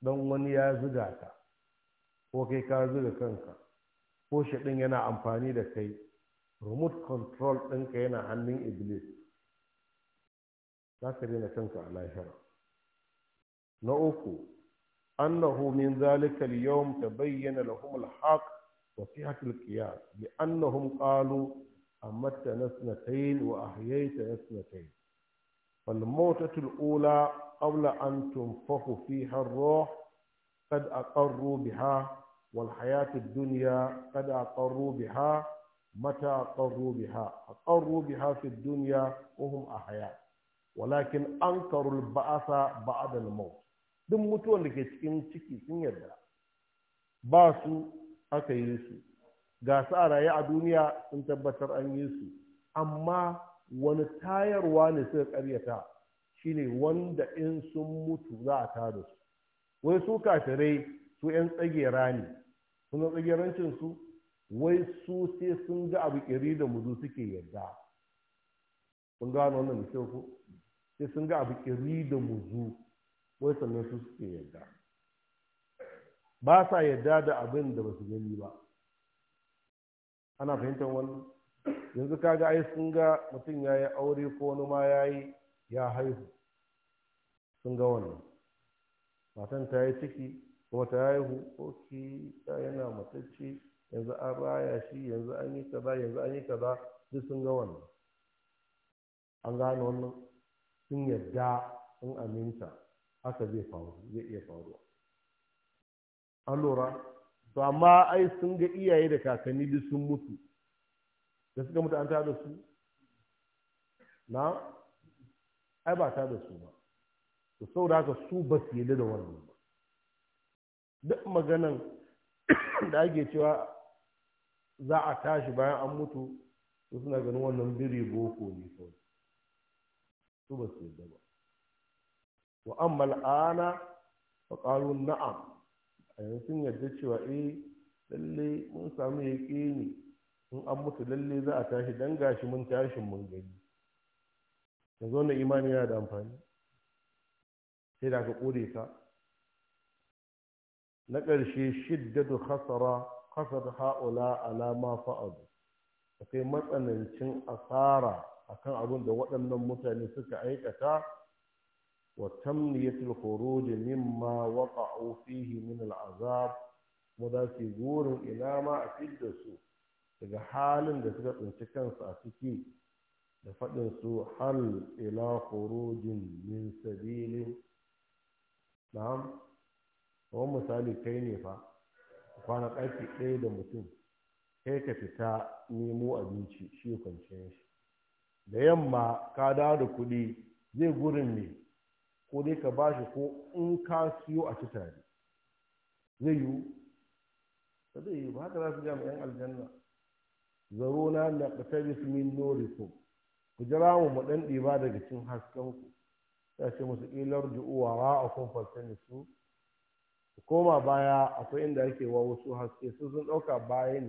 don wani ya zuga ka ko kai ka zuga kanka ko shaɗin yana amfani da kai remote control ɗinka yana hannun iblis za ka daina kanka a lahira na uku annahu min zalika al-yawm tabayyana lahum al-haq wa sihat al-qiyas li annahum qalu amatta nasnatayn wa ahyayta nasnatayn an الأولى قبل أن تنفخ فيها الروح قد wal بها والحياة الدنيا قد أقروا بها Mata a قروا biha fi duniya في a haya. Walakin an karul ba'asa, ba'adal mau. duk mutuwan da ke cikin ciki sun yarda ba su aka yi su ga su a raye a duniya sun tabbatar an yi su amma wani tayarwa ne suka karyata shine wanda in sun mutu za a tada su wai su kafirai su 'yan tsagera ne suna tsagerancin su wai su sai sun ga abu iri da muzu suke yadda sun gano wannan da kyau ko sai sun ga abu iri da muzu wai sannan su suke yadda ba sa yadda da abin da ba su gani ba ana fahimtar wannan yanzu kaga ai sun ga mutum ya yi aure ko wani ma ya yi ya haihu sun ga wannan matan ta yi ciki ko ta haihu ok ta yana matacce yanzu an raya shi yanzu an yi kaza yanzu an yi kaza duk sun ga wannan an gane wannan sun yarda sun aminta haka zai faru zai iya faruwa an lura to amma ai sun ga iyaye da kakanni duk sun mutu da suka mutu an ta da su na ai ba ta da su ba to da haka su ba su yarda da wannan ba duk maganan da ake cewa za a tashi bayan an mutu su suna ganin wannan biri boko ne kawai su ba su yadda ba wa amma al'ana fa na'am a yanzu sun yarda cewa e lalle mun samu ya ne in an mutu lalle za a tashi dan gashi mun tashin mun gani yanzu wannan imani yana da amfani sai da aka kore ka na ƙarshe shiddatu hasara. hasad ha'ula alama fa'adu akwai matsanancin asara akan abin da waɗannan mutane suka aikata wa tamniyatul khuruj mimma waqa'u fihi min al'azab kuma za su gurin ina ma a fidda su daga halin da suka tsinci kansu a ciki da faɗin su hal ila khurujin min sabilin na'am kamar misali kai ne fa ku kwana ɗaki ɗaya da mutum kai ka fita nemo abinci shi kwanciyar shi da yamma ka dawo da kuɗi zai gurin ne ko dai ka bashi ko in ka siyo a ci tare zai yiwu ba zai yiwu ba haka za su jami'an aljanna zaro na na ƙasar min ko. ku jira mu mu ɗan ɗiba daga cin hasken ku ya ce musu ilar ju'uwa kun fasani su koma baya akwai inda yake wa wasu haske su sun ɗauka baya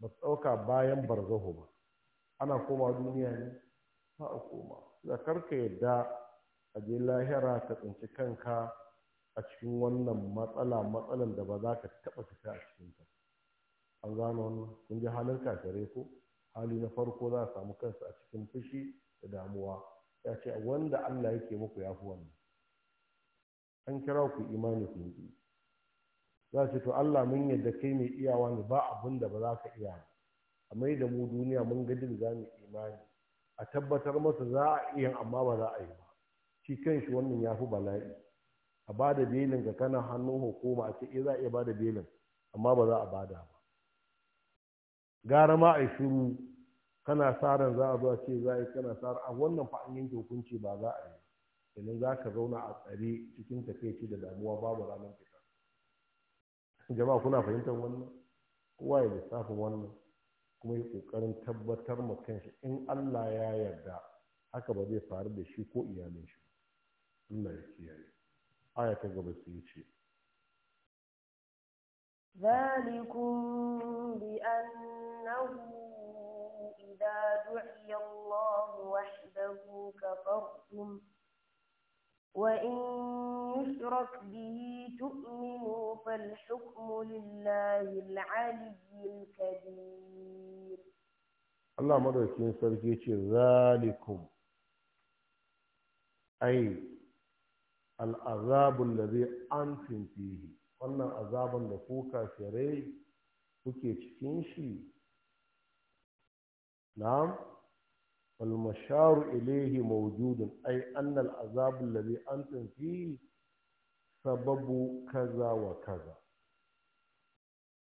ba su ɗauka bayan barzaho ba ana koma duniya ne ba a koma da karka yadda a je lahira ka tsinci kanka a cikin wannan matsala matsalan da ba za ka taɓa fita a cikin ta an gano wannan kun ji halin kakare ko hali na farko za a samu kansa a cikin fushi da damuwa ya ce wanda Allah yake muku ya fi wannan an kira ku imani ku yi za ce to Allah mun yadda kai mai iyawa ne ba abun da ba za ka iya a mai da mu duniya mun ga din za mu imani a tabbatar masa za a iya amma ba za a yi ba shi kanshi wannan ya fi bala'i a ba da belin ga kana hannun hukuma a ce e za a iya ba da belin amma ba za a ba da ba gara ma a yi shiru kana sa za a zo a ce za a yi kana sa a wannan fa yanke hukunci ba za a yi domin za ka zauna a tsare cikin takaici da damuwa babu ranar fita jama'a kuna fahimtar wannan kowa ya lissafin wannan kuma yi ƙoƙarin tabbatar ma kanshi in allah ya yarda haka ba zai faru da shi ko iyalin shi allah ya kiyaye aya ta gaba su yi ce إذا دعي الله وحده كفرتم وإن يشرك به تؤمنوا فالحكم لله العلي الكبير الله مدركين سرقيتي ذلكم أي العذاب الذي أنتم فيه wannan azaban da ku kafirai kuke cikin shi na'am والمشار إليه موجود أي أن العذاب الذي أنتم فيه sababu kaza wa kaza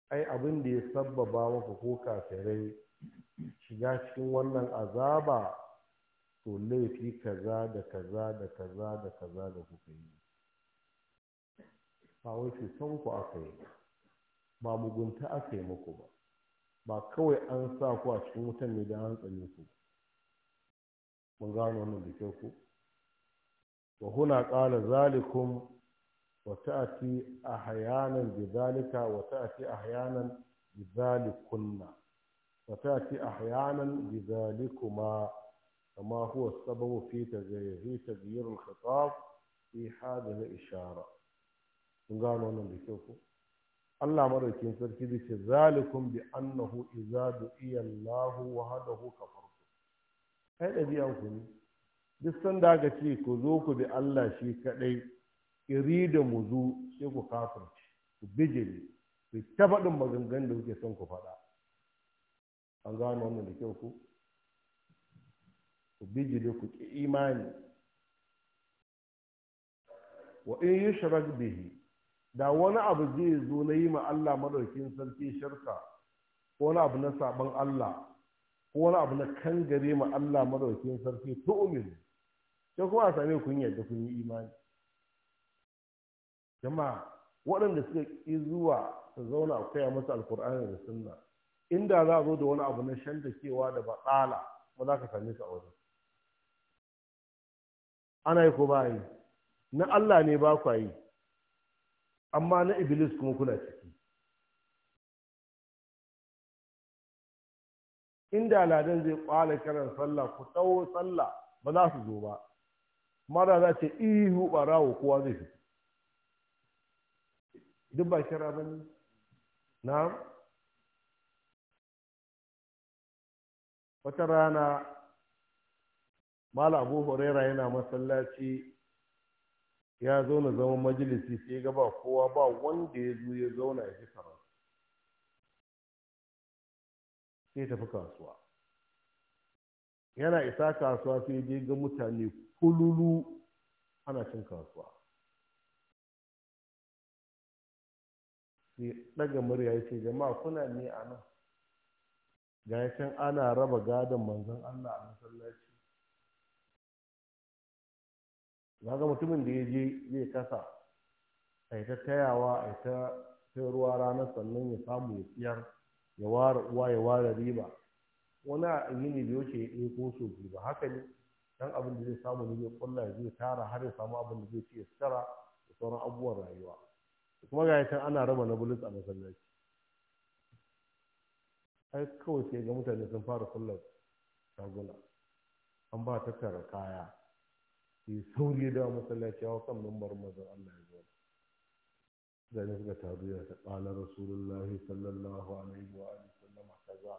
ai abin da ya sabbaba maka ko kafirai shiga cikin wannan azaba to laifi kaza da kaza da kaza da kaza da kuka yi ba wai fitan ku aka yi ba mugunta aka yi muku ba ba kawai an sa ku a cikin wutan ne da an tsane ku ba mun gano wannan da kyau ko wa huna qala zalikum wa ta'ti ahyanan bi zalika wa ta'ti ahyanan bi zalikunna wa ta'ti ahyanan bi zalikuma kama huwa sababu fi tagayyuri tagayyur al-khitab fi hadhihi al-ishara mun wannan da kyau ko Allah madaukin sarki zai ce zalikum bi annahu idza du'iya Allahu wahdahu kafa ai ɗabi'an ku ne duk sanda aka ce ku zo ku bi Allah shi kaɗai iri da zo, sai ku kafirci ku bijire ku ta faɗin maganganun da kuke son ku faɗa an gano wannan da kyau ku ku bijire ku ki imani wa in yi shirar bihi da wani abu zai zo na yi ma Allah madaukin sarki shirka ko wani abu na saban Allah ko wani abu na kan gare ma Allah madaukin sarki umin ta kuma a same kun yarda kun yi imani jama'a waɗanda suka ƙi zuwa su zauna a koya musu alkur'ani da sunna inda za a zo da wani abu na shanta cewa da batsala ba za ka same su a wajen ana yi ko ba na Allah ne ba ku yi amma na iblis kuma kuna ce inda Aladun zai kwala kiran sallah ku tsawo sallah ba za su zo ba mara za ce ihu barawo kowa zai fi duk ba kira ba ne na wata rana mala abu huraira yana masallaci ya zo na zama majalisi sai gaba kowa ba wanda ya zo ya zauna ya fi sai tafi kasuwa yana isa kasuwa sai je ga mutane kululu ana cin kasuwa sai daga murya ya ce jama'a kuna ne a nan ga can ana raba gadon manzon Allah a masallaci ga mutumin da ya je zai kasa a ta tayawa a ta ruwa ranar sannan ya samu ya tsiyar ya ware uwa ya ware riba wani a ne da yake ya ko so biyu ba haka ne dan abin da zai samu ne zai kulla zai tara har ya samu abin da zai ci ya tsara da sauran abubuwan rayuwa kuma ga yakan ana raba na bulus a masallaci ai kawai sai ga mutane sun fara sallar shaguna an ba tattara kaya sai sauri da masallaci ya kan bar mazan Allah ya zane suka taru yana ta ƙala rasulullahi sallallahu alaihi wa alihi sallama kaza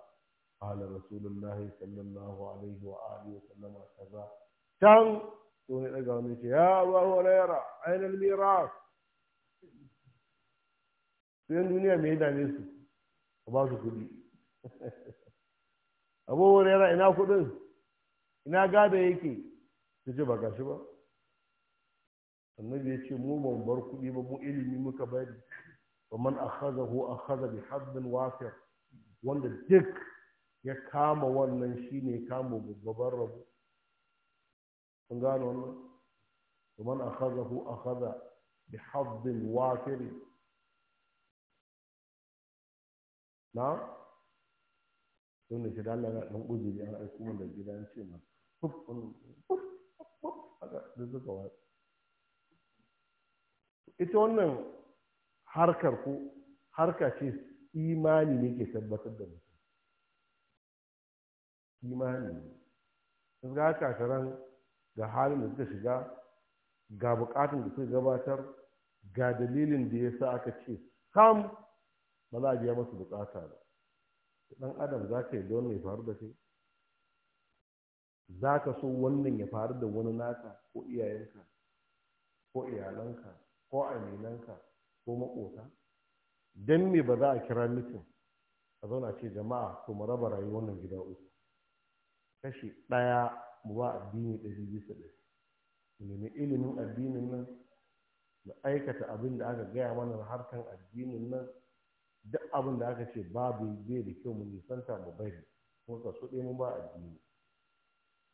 ƙala rasulullahi sallallahu alaihi wa alihi sallama kaza can to ne daga wani ce ya ba huraira ainihin miras su yan duniya mai ne su a ba su kuɗi abu huraira ina kuɗin ina gada yake su ce ba shi ba annabi ya ce mu ban bar kuɗi ba mu ilimi muka bari ba man a haza bi haddin wafir wanda duk ya kama wannan shine kama babban rabu sun gano wannan ba man a haza bi haddin na sun da shi da na dan uzuri an aiko mun da gidan ce ma fuf fuf fuf haka duk suka wasu ita wannan harkar ko harka ce imani ne ke tabbatar da mutum imani ne sun ga ga halin da suka shiga ga bukatun da suka gabatar ga dalilin da ya sa aka ce kam ba za a biya masu bukata ba dan adam za ka yi don mai faru da kai za ka so wannan ya faru da wani naka ko iyayenka ko iyalanka ko aminanka ko makota don me ba za a kira mitin a zauna ce jama'a to mu raba rayuwar nan gida uku kashi ɗaya mu ba addini ɗari bisa ɗari mu nemi ilimin addinin nan mu aikata abin da aka gaya mana harkan addinin nan duk abin da aka ce babu bai da kyau mu nisanta mu bari kuma kaso ɗaya mu ba addini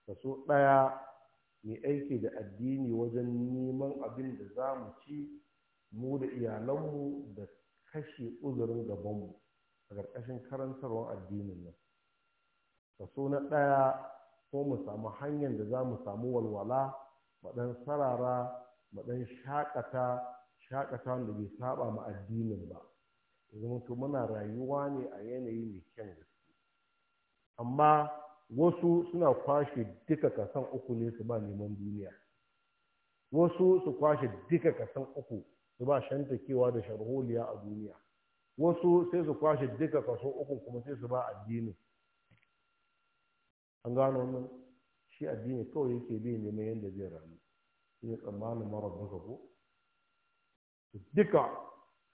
kaso ɗaya mu aiki da addini wajen neman abin da za mu ci mu da iyalanmu da kashe uzurin gabanmu a ƙarƙashin karantarwar addinin nan kaso na ɗaya ko mu samu hanyar da za mu samu walwala maɗan sarara maɗan shaƙata shaƙata da bai saba ma addinin ba yanzu muna rayuwa ne a yanayi mai kyan gaske amma wasu suna kwashe duka kasan uku ne su ba neman duniya wasu su kwashe duka kasan uku su ba shantakewa da sharholiya a duniya wasu sai su kwashe duka kaso uku kuma sai su ba addini an gano wannan shi addini kawai yake bi neman yadda zai rayu shi ne tsammanin mara duka ko duka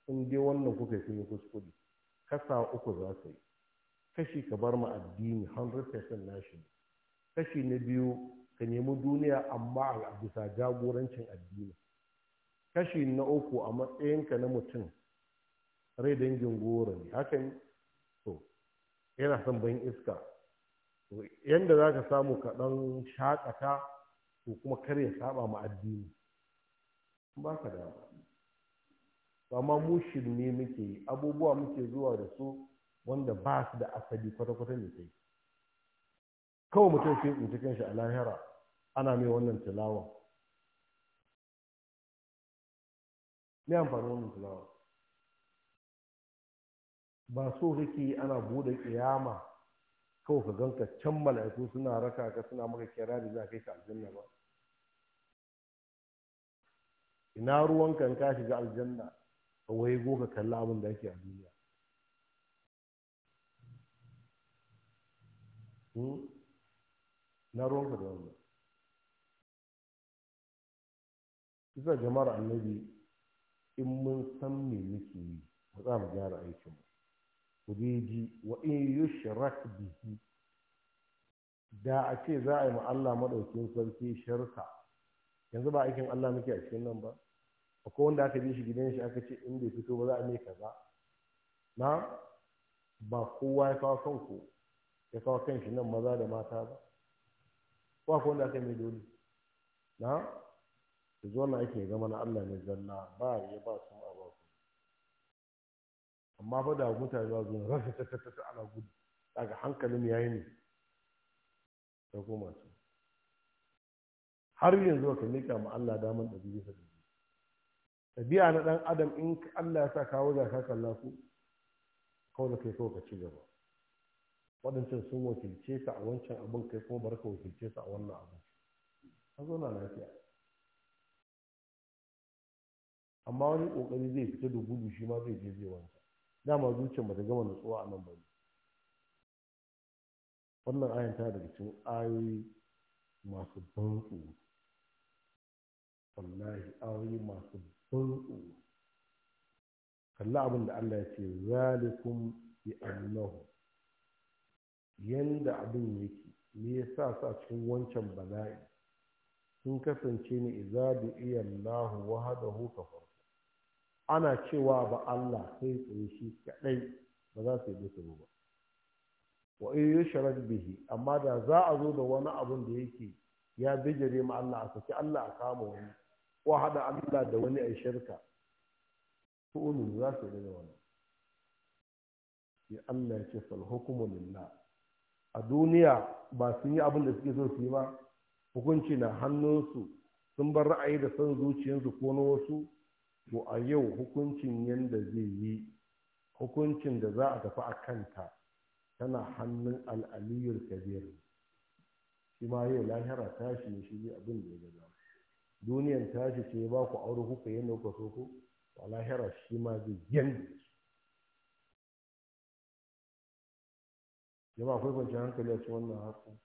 in dai wannan kuka yi sun yi kuskure kasa uku za su yi kashi ka bar mu addini 100% nashi kashi na biyu ka nemi duniya amma a bisa jagorancin addini kashi na uku a matsayinka na mutum rai dangin goro ne ne to yana son ban iska to yanda za ka samu kaɗan shakata to kuma kar ya saba ma addini ba ka da amma mu shirme muke abubuwa muke zuwa da su wanda ba su da asali kwata-kwata ne kai kawai mutum sai in cikin shi a lahira ana mai wannan tilawa ne amfani wannan tilawa ba so kake ana bude kiyama kawai ka ganka can mala'iku suna raka ka suna maka kira da za ka yi ka aljanna ba ina ruwan kan ka shiga aljanna ka waye ka kalla abin da ake a duniya na ruwanka da wannan isa jama'ar annabi in mun san me muke yi ba za mu gyara aikin ku ji wa in yushrak bihi da a ce za a yi ma Allah maɗaukin sarki shirka yanzu ba aikin Allah muke a cikin nan ba akwai wanda aka bi shi gidan shi aka ce in bai fito ba za a mai kaza na ba kowa ya kawo ku. ya kawo kan shi nan maza da mata ba ba ko da aka mai dole na da zo na ake zama na Allah ne zanna ba ya ba su ma ba ku amma fa da mutane ba zuwa rafi ta ta ta ana gudu daga hankalin yayi ne ta koma su har yanzu ka nika ma Allah daman ɗabi'a sa ɗabi'a na ɗan adam in Allah ya sa kawo da ka kalla ku kawai da kai kawai ka ci gaba waɗancan sun wakilce ka a wancan abin kai kuma barka wakilce su a wannan abin zo na lafiya amma wani ƙoƙari zai fita da gudu shi ma zai je zai wanka dama zuciyar ba ta gama nutsuwa a nan ba ne wannan ayan ta daga cikin ayoyi masu ban tsoro wallahi ayoyi masu ban tsoro kalli abin da Allah ya ce zalikum bi annahum yanda abin yake me yasa su a cikin wancan bala'i sun kasance ne iza da iya Allah wahadahu farko. ana cewa ba Allah sai tsaye shi kadai ba za su yi musu ba wa in sharar bihi amma da za a zo da wani abun da yake ya bijire ma Allah a saki Allah a kama wani ko hada Allah da wani a shirka to za su yi da wani sai Allah ya ce fal hukmu lillah a duniya ba sun yi abin da suke so su yi ba hukunci na hannunsu sun bar ra'ayi da son zuciyarsu ko na wasu to a yau hukuncin yadda zai yi hukuncin da za a tafi a kanta tana hannun al'aliyar kabir shi ma yau lahira tashi ne shi abin da ya gaza duniyan tashi ce ba ku aure kuka yadda kuka so ku a lahira shi ma zai yanzu jama'a akwai kwanciyar hankali a cikin wannan harkar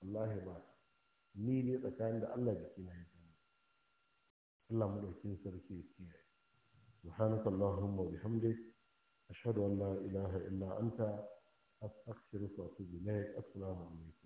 wallahi ba ni ne tsakanin da Allah jiki na yi Allah mu dauki sarki ya kiyaye سبحانك اللهم وبحمدك أشهد أن لا إله إلا أنت أستغفرك وأتوب إليك السلام عليكم